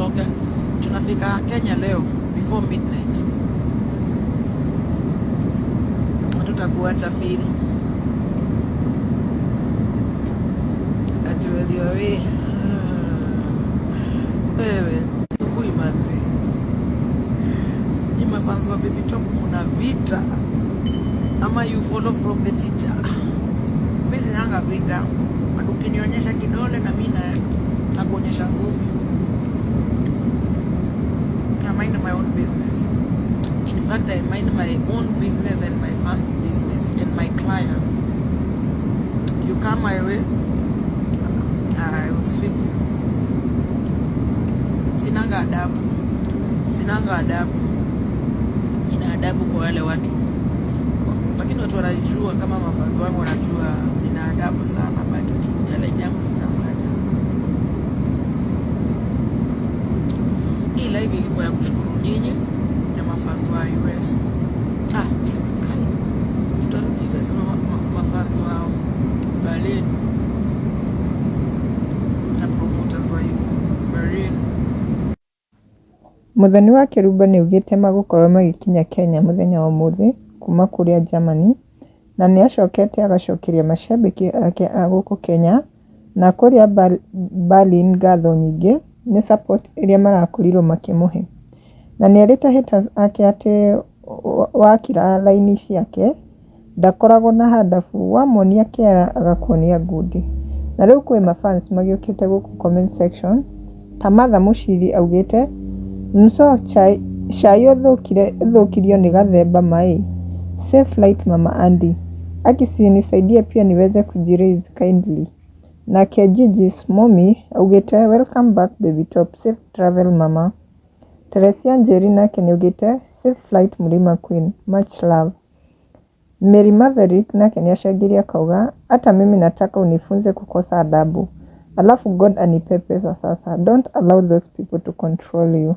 tutoke, tunafika Kenya leo before midnight. Hatutakuacha fimu, atuweliowi wewe sibui ni mafanzi wa baby top, muna vita ama you follow from the teacher. Mimi sinanga vita, ukinionyesha kidole na mimi nakuonyesha ngumi. fact, I mind my own business and my fans' business and my clients. You come my way, I will sweep you. Sinanga adabu, sinanga adabu, ina adabu kwa wale watu, lakini watu wanajua kama mafanzi wangu wanajua nina adabu sana, but talent yangu sina hii live ilikuwa ya kushukuru nyinyi wengine mafans wa US. Ah, kani tutarudia sana mafans wa Berlin na promoters wa Berlin. Mũthoni wa Kiruba nĩaugĩte magũkorwo magĩkinya Kenya mũthenya wa ũmũthĩ kuma kũrĩa Germany na nĩacokete agacokeria ake a gũkũ Kenya na kũrĩa Berlin ngatho nyingĩ ni support ĩrĩa marakorirwo makĩmũhe na nĩerĩte haters ake atĩ wakira raini ciake ndakoragwo na handabu wamuonia kĩeha agakuonia ngundi, na rĩu kwĩ mafans magĩũkĩte gũkũ comment section Tamatha Muchiri augĩte Msoo chai ũthũkirio nĩ Gathemba Maĩ, Safe Light Mama Andy, Akisi nisaidie pia niweze kujiraise kindly nake Jiji Smoomey augite welcome back Baby Top, safe travel mama Teresia Angelina Keniugite safe flight Mlima Queen much love. Mary Maverick nake nĩacangire akauga hata mimi nataka unifunze kukosa adabu alafu God anipe pesa sasa don't allow those people to control you